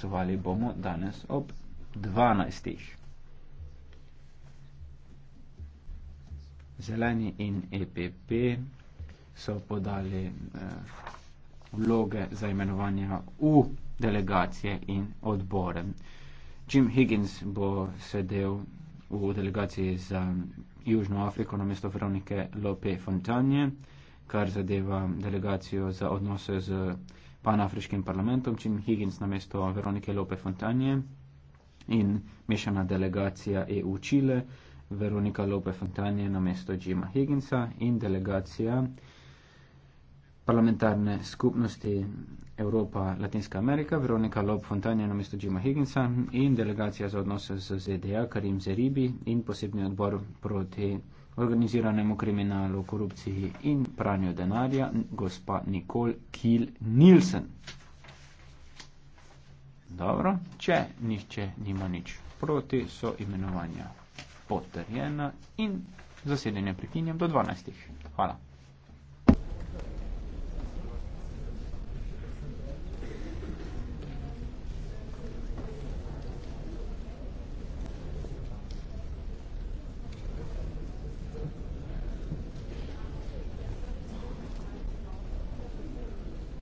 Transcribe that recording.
Glasovali bomo danes ob 12. Zeleni in EPP so podali eh, vloge za imenovanje v delegacije in odbore. Jim Higgins bo sedel v delegaciji za Južno Afriko na mesto veronike Lope Fontanje, kar zadeva delegacijo za odnose z. Eh, panafriškim parlamentom, čim Higgins na mesto Veronike Lope Fontanje in mešana delegacija EU Čile, Veronika Lope Fontanje na mesto Jima Higginsa in delegacija parlamentarne skupnosti Evropa, Latinska Amerika, Veronika Lob Fontanja na mesto Jima Higginsa in delegacija za odnose z ZDA Karim Zeribi in posebni odbor proti organiziranemu kriminalu, korupciji in pranju denarja, gospa Nikol Kil Nilsen. Dobro, če nihče nima nič proti, so imenovanja potrjena in zasedanje prekinjam do 12. Hvala.